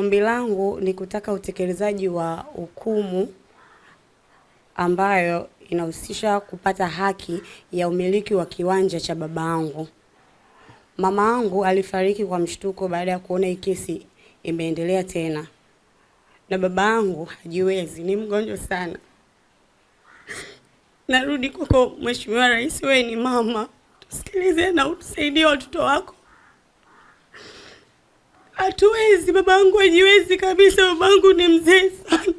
Ombi langu ni kutaka utekelezaji wa hukumu ambayo inahusisha kupata haki ya umiliki wa kiwanja cha baba angu Mama angu alifariki kwa mshtuko baada ya kuona hii kesi imeendelea tena, na baba angu hajiwezi, ni mgonjwa sana. Narudi kwako Mheshimiwa Rais, wewe ni mama, tusikilize na utusaidie watoto wako. Hatuwezi, babangu hajiwezi kabisa, babangu ni mzee sana.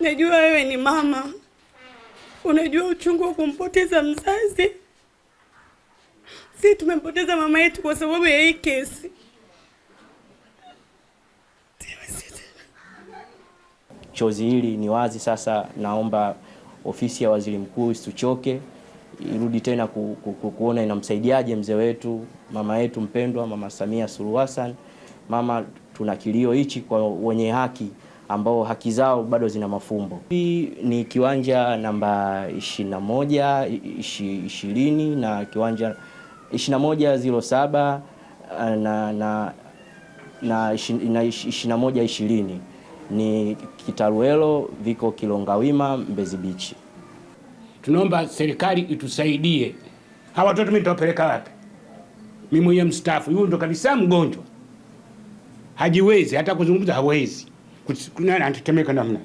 Najua wewe ni mama, unajua uchungu wa kumpoteza mzazi. Sisi tumempoteza mama yetu kwa sababu ya hii kesi. Chozi hili ni wazi sasa, naomba ofisi ya waziri mkuu isituchoke irudi tena ku, ku, ku, kuona inamsaidiaje mzee wetu mama yetu mpendwa Mama Samia Suluhu Hassan. Mama, tuna kilio hichi kwa wenye haki ambao haki zao bado zina mafumbo. Hii ni kiwanja namba 21 20 na kiwanja 2107 eh, na na na 21 ni Kitaruelo viko Kilongawima Mbezi bichi tunaomba serikali itusaidie. Hawa watoto mimi nitawapeleka wapi? Mimi mwenyewe mstaafu, huyu ndo kabisa mgonjwa, hajiwezi hata kuzungumza, hawezi anatetemeka namna.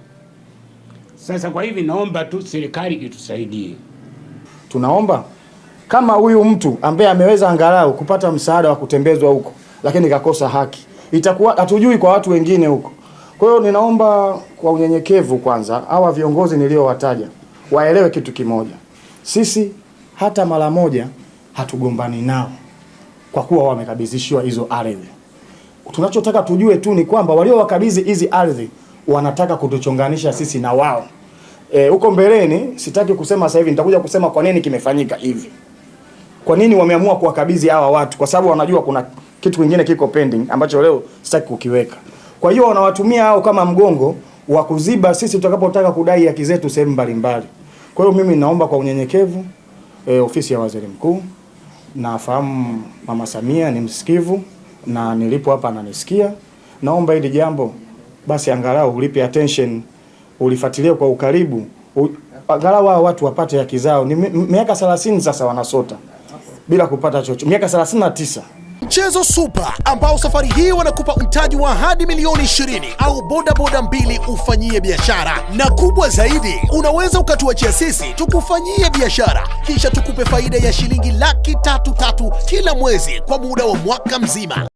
Sasa kwa hivi naomba tu serikali itusaidie. Tunaomba kama huyu mtu ambaye ameweza angalau kupata msaada wa kutembezwa huko, lakini kakosa haki, itakuwa hatujui kwa watu wengine huko. Kwa hiyo ninaomba kwa unyenyekevu kwanza, hawa viongozi niliowataja waelewe kitu kimoja, sisi hata mara moja hatugombani nao kwa kuwa wamekabidhishiwa hizo ardhi. Tunachotaka tujue tu ni kwamba waliowakabidhi hizi ardhi wanataka kutuchonganisha sisi na wao e, huko e, mbeleni. Sitaki kusema sasa hivi, nitakuja kusema kwa nini kimefanyika hivi, kwa nini wameamua kuwakabidhi hawa watu, kwa sababu wanajua kuna kitu kingine kiko pending ambacho leo sitaki kukiweka. Kwa hiyo wanawatumia hao kama mgongo wa kuziba sisi tutakapotaka kudai haki zetu sehemu mbalimbali. Kwa hiyo mimi naomba kwa unyenyekevu e, ofisi ya waziri mkuu, nafahamu mama Samia ni msikivu na nilipo hapa ananisikia. Naomba hili jambo basi angalau ulipe attention, ulifuatilie kwa ukaribu, angalau hao watu wapate haki zao. Ni miaka 30 sasa wanasota bila kupata chochote, miaka 39. Mchezo Super ambao safari hii wanakupa mtaji wa hadi milioni 20 au boda boda mbili ufanyie biashara, na kubwa zaidi, unaweza ukatuachia sisi tukufanyie biashara kisha tukupe faida ya shilingi laki tatu tatu kila mwezi kwa muda wa mwaka mzima.